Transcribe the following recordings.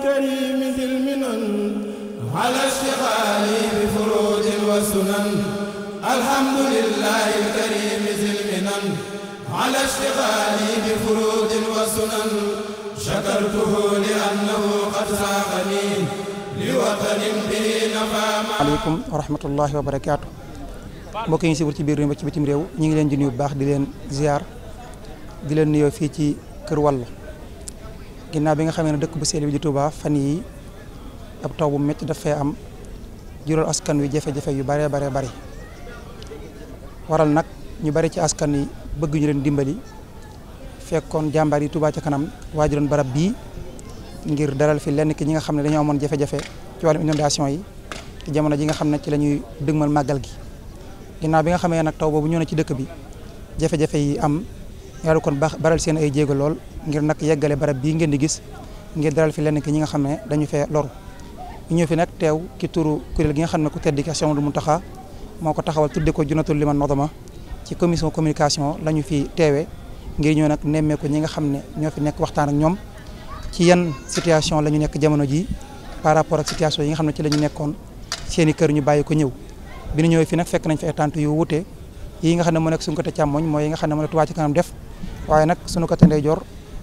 الكريم ذي المنن على اشتغال بفروج وسنن الحمد لله الكريم ذي المنن على اشتغال بفروج وسنن شكرته لأنه قد ساقني لوطن به نفام عليكم ورحمة الله وبركاته mbokk yi ñu sibur ci biir réew mi ci bitim réew ñu ngi leen di nuyu bu baax di leen ziar di leen nuyoo fii ci kër wàllu ginnaaw bi nga xamee ne dëkk bu sell bi di Touba fan yi ab taw bu métti daf fee am jural askan wi jafe-jafe yu baree baree bari waral nag ñu bari ci askan yi bëgg ñu leen dimbali fekkoon jàmbaar yi Touba ca kanam waajuroon barab bii ngir daral fi lenn ki ñi nga xam ne dañoo amoon jafe-jafe ci wàllum inondation yi jamono ji nga xam ne ci lañuy ñuy dëgmal màggal gi ginnaaw bi nga xamee nag taw boobu ñëw na ci dëkk bi jafe-jafe yi am yàlla kon baax baral seen ay jéego lool ngir nag yeggale barab bii ngeen di gis ngir daral fi lenn ki ñi nga xam ne dañu fee loru ñu fi nag teew ci turu kuréel gi nga xam ne ku tedd ki Cheikh Mountakha moo ko taxawal tudde ko Junnatul Liman Nodama ci commission communication la ñu fi teewee ngir ñëw nag nemmeeku ñi nga xam ne ñoo fi nekk waxtaan ak ñoom ci yan situation la ñu nekk jamono ji par rapport ak situation yi nga xam ne ci lañu ñu nekkoon seen kër ñu bàyyi ko ñëw bi ñu ñëwee fi nag fekk nañ fi ay tànt yu wute yi nga xam ne moo nekk suñu côté càmmoñ mooy yi nga xam ne moo ne Touba Ca waaye nag sunu côté ndeyjoor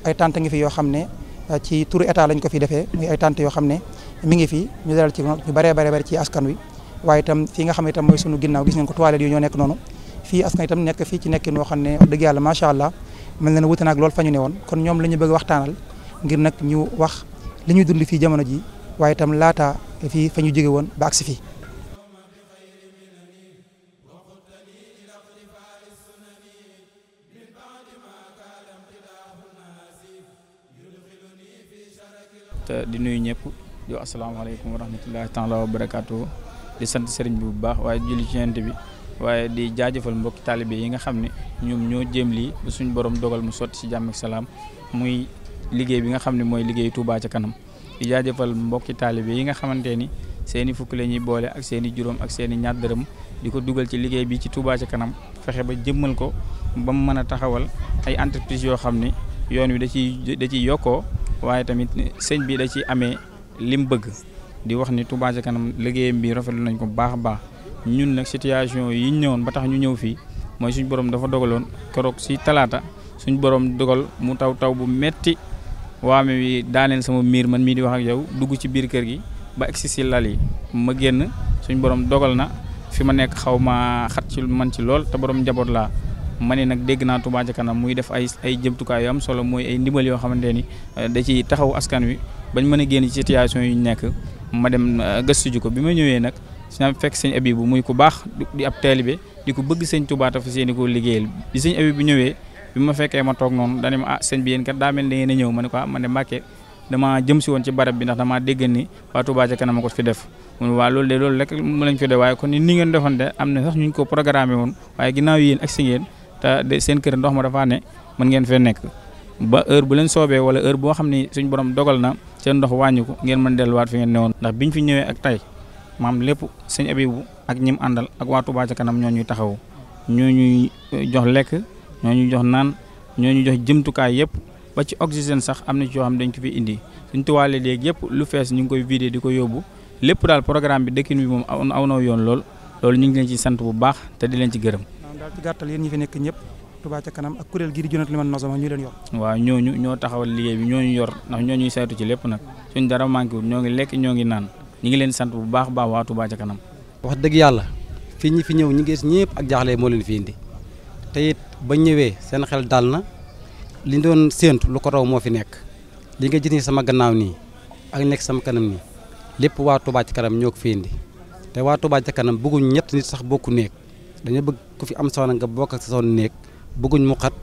ay tante ngi fi yoo xam ne euh, ci turu état lañ ko fi defee muy ay tante yoo xam ne mi ngi fi ñu dalal ci ñu baree baree bari ci askan wi waaye itam fii nga xam ne itam mooy sunu ginnaaw gis ngeen ko toilettes yu ñoo nekk noonu fii askan itam nekk fii ci nekkin noo xam ne wax dëgg yàlla macha allah mel na ne wuute naag lool fa ñu ne woon kon ñoom la ñu bëgg waxtaanal ngir nag ñu wax li ñuy dund fii jamono ji waaye itam laata fii fa ñu jóge woon ba agsi fii di nuyu ñëpp di wax asalaamaaleykum wa rahmatullahi taala wa barakaatu di sant sëriñ bi bu baax waaye julli ci yonent bi waaye di jaajëfal mbokki taalibe yi nga xam ne ñoom ñoo jéem lii suñu borom dogal mu sotti si jàmm salaam muy liggéey bi nga xam ne mooy liggéey Touba ca kanam di jaajëfal mbokki taalibe yi nga xamante ni seen i fukk la ñuy boole ak seen i juróom ak seen i ñaar dërëm di ko dugal ci liggéey bi ci Touba ca kanam fexe ba jëmmal ko ba mu mën a taxawal ay entreprise yoo xam ne yoon wi da ciy da ciy yokkoo waaye tamit sëñ bii da ci amee lim bëgg di wax ni Touba ca kanam liggéeyam bi rafetlu nañ ko baax a baax ñun nag situation yi ñëwoon ba tax ñu ñëw fii mooy suñ borom dafa dogaloon keroog si talaata suñu borom dogal mu taw taw bu metti waame wi daaneel sama miir man mii di wax ak yow dugg ci biir kër gi ba egsi si lal yi ma génn suñ borom dogal na fi ma nekk xaw ma xat ci man ci lool te borom njaboot laa ma ne nag dégg naa Touba ca kanam muy def ay ay jëmtukaay yu am solo mooy ay ndimbal yoo xamante ni euh, da ci taxaw askan wi bañ mën a génn ci situation yu nekk ma dem euh, gëstu ji ko bi ma ñëwee nag sina fekk sëñ Abibu muy ku baax di ab taalibe di ko bëgg sëñ Touba ta fa seeni ko liggéeyal bi sëñ ñëwee bi fekkee ma toog noonu dane ma ah sëñ bi yéen kat daa mel da ngeen a ñëw ma ne ko ah ma ne dama jëm si woon ci barab bi ndax damaa dégg ni waa Touba ca kanam a ko fi def mun waa loolu de loolu rek mu lañ fi def waaye kon ni ngeen defoon de am na sax ñu ko programmé woon waaye ginnaaw yéen ak si ngeen te seen kër ndox ma dafa ne mën ngeen fee nekk ba heure bu leen soobee wala heure boo xam ne suñ borom dogal na seen ndox wàññiku ngeen mën delluwaat fi ngeen newoon ndax ñu fi ñëwee ak tey maam lépp sëñ Abibu ak ñim àndal ak waa Touba ca kanam ñoo ñuy taxaw ñoo ñuy eh, jox lekk ñoo ñuy jox naan ñoo ñu jox jumtukaay yëpp ba ci oxygène sax am na ci yoo xam dañ ko fi indi suñ tuwaale léegi yëpp lu fees ñu ngi koy vidé di ko yóbbu lépp daal programme bi dëkkin bi moom aw na yoon lool loolu ñu ngi leen ci sant bu baax te di ci gërëm kon daal ci gàttal yéen ñi fi nekk ñëpp Touba ca kanam ak kuréel gii di Junatun Liman Nazama ñu leen yor waaw ñooñu ñoo taxawal liggéey bi ñooñu yor ndax ñooñuy saytu ci lépp nag suñ dara manqué ñoo ngi lekk ñoo ngi naan ñi ngi leen sant bu baax baax waa Touba ca kanam wax dëgg yàlla fii ñi fi ñëw ñi gis ñëpp ak jaaxle moo leen fi ndi te it ba ñëwee seen xel daal na li doon séentu lu ko raw moo fi nekk li nga gis ni sama gannaaw nii ak nekk sama kanam nii lépp waa Touba kanam ñoo ko fi indi te waa Touba ca kanam bëgguñ ñett nit sax bokku nekk dañoo bëgg ku fi am soxna nga bokk ak sa soxna néeg bëgguñu mu xat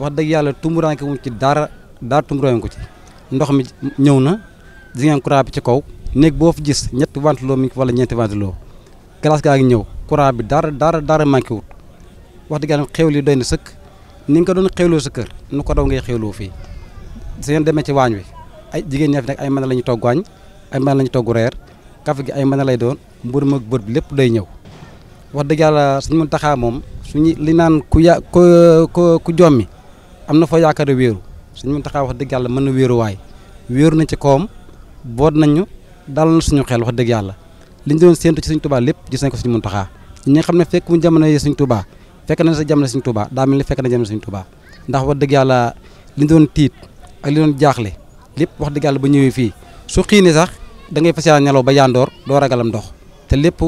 wax dëgg yàlla tumuraanke wuñ ci dara dara tumuraanke ko ci ndox mi ñëw na di ngeen bi ci kaw néeg boo fi gis ñetti ventilo mi wala ñeenti ventilo glace gaa ngi ñëw courant bi dara dara dara manqué wut wax dëgg yàlla li yi doy na sëkk ni nga ko doon xéwloo sa kër nu ko daw ngay xéwloo fii su ngeen demee ci waañ wi ay jigéen ñi fi nekk ay mën la ñu togg waañ ay mën la reer kafe gi ay mën lay doon mburu mag bët lépp day ñëw wax dëgg yàlla suñu taxaa moom suñu li naan ku ya ku ku ku jommi am na foo yaakaar a wéeru suñu Muntaxa wax dëgg yàlla mën na wéeru waay wéeru ci kawam boot nañu dal na suñu xel wax dëgg yàlla li doon séentu ci suñu Tuubaa lépp gis sañ ko suñu mun taxaa nga xam ne fekk mu jamono yi suñu Tuubaa fekk na sa jamono suñu Tuubaa daa mel ni fekk na jamono suñu tubaa ndax wax dëgg yàlla li doon tiit ak li doon jaaxle lépp wax dëgg yàlla ba ñëwee fii su xiinee sax da ngay fas yàlla nelaw ba yandoor doo ragalam ndox te lépp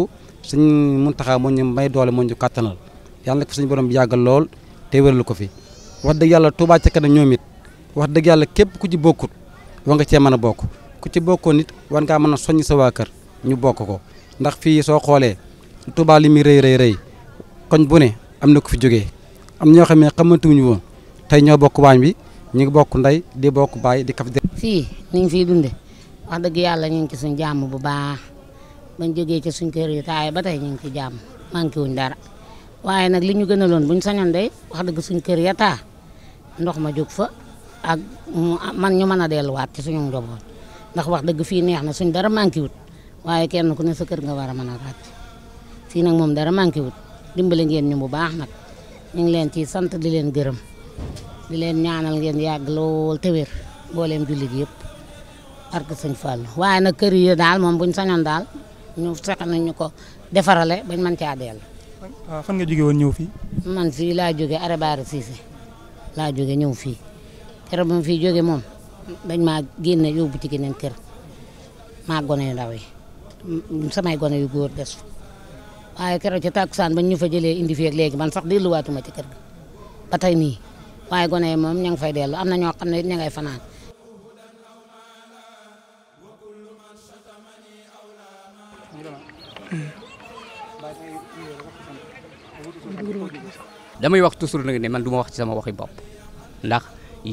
mun Muntaxa moo ñu may doole moo ñu kàttanal yàlla nag fi suñu borom bi yàggal lool te wéral ko fi wax dëgg yàlla Touba ci kanam ñoom it wax dëgg yàlla képp ku ci bokkut war nga cee mën a bokk ku ci bokkoo nit war ngaa mën a soññ sa waa kër ñu bokk ko ndax fii soo xoolee Touba li muy rëy rëy rëy koñ bu ne am na ku fi jóge am ñoo xam ne xamantuñu woon tey ñoo bokk waañ bi ñu ngi bokk ndey di bokk baay di kaf di fii ni ngi dunde wax dëgg yàlla ñu ngi ci suñu jàmm bu baax bañ jógee ci suñ kër yu taay ba tey ñu ngi ci jàmm manqué wuñ dara waaye nag li ñu gënaloon buñ sañoon day wax dëgg suñ kër ya taa ndox ma jóg fa ak man ñu mën a delluwaat ci suñu njaboot ndax wax dëgg fii neex na suñ dara manqué wut waaye kenn ku ne sa kër nga war a mën a ràcc fii nag moom dara manqué wut dimbale ngeen ñu bu baax nag ñu ngi leen ci sant di leen gërëm di leen ñaanal ngeen yàgg lool te wér mbooleem jullit yëpp barke sëñ Fall waaye nag ñu fexe nañu ko defarale bañ mën caa dellu. Ah, fan nga jóge woon ñëw fii. man fii laa jóge Arabaara Cissé laa jóge ñëw fii keroog ma fii jóge moom dañ maa génne yóbbu ci geneen kër maa gone yu ndaw yi mm, samay gone yu góor des waaye keroog ci takkusaan bañ ñu fa jëlee indi fii ak léegi man sax delluwaatuma ci kër ga ba tey nii waaye gone yi moom ña ngi fay dellu damay wax toujours nag ne man du ma wax ci sama waxi bopp ndax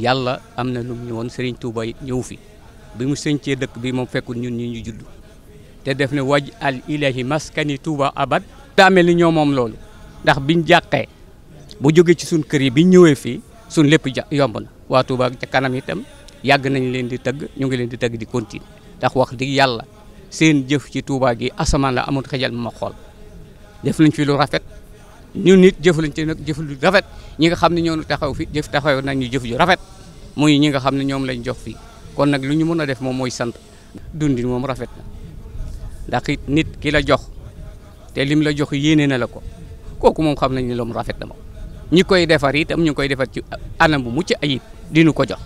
yàlla am na lu mu ñëwoon sëriñ Touba ñëw fi bi mu sencee dëkk bi moom fekkul ñun ñu ñu judd te def ne waj al ilahi maskani tuuba abad daa mel ni ñoo moom loolu ndax biñ jàqee bu jógee ci suñ kër yi biñ ñëwee fii suñ lépp ja yomb na waa Touba ca kanam itam yàgg nañu leen di tëgg ñu ngi leen di tëgg di continuer ndax wax dëgg yàlla seen jëf ci Touba gi asamaan la amut xejal ma xool jëf lañ fi lu rafet ñun nit jëf lañ ci nag jëf lu rafet ñi nga xam ne ñoo taxaw fi jëf taxaw nañu jëf ju rafet muy ñi nga xam ne ñoom lañ jox fi kon nag lu ñu mën a def moom mooy sant dundin moom rafet na ndax it nit ki la jox te lim la jox yéene na la ko kooku moom xam nañ ne loom rafet na moom ñi koy defar itam ñu koy defar ci anam bu mucc ayib dinu ko jox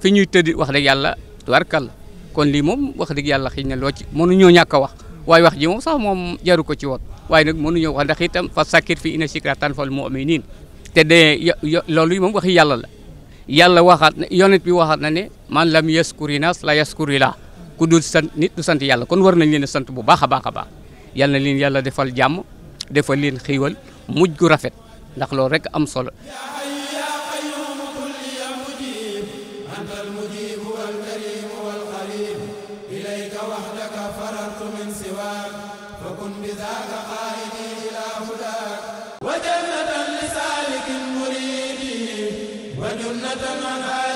fi ñuy tëdd wax dëgg yàlla tubarkalla kon lii moom wax dëgg yàlla xëy na loo ci mënuñoo ñàkk a wax waaye wax ji moom sax moom jaru ko ci woon waaye nag mënuñoo wax ndax itam fa sakkir fi ina sikra tan fal mu'minin te dee loolu yi moom waxi yàlla la yàlla waxaat na yonent bi waxaat na ne man lam yaskuri nas la yaskuri la ku dul sant nit du sant yàlla kon war nañ leen a sant bu baax a baax a baax yal na leen yàlla defal jàmm defal leen xiiwal muj gu rafet ndax loolu rek am solo فكن بذاك قائدي إلى هداك وجنة لسالك مريد وجنة من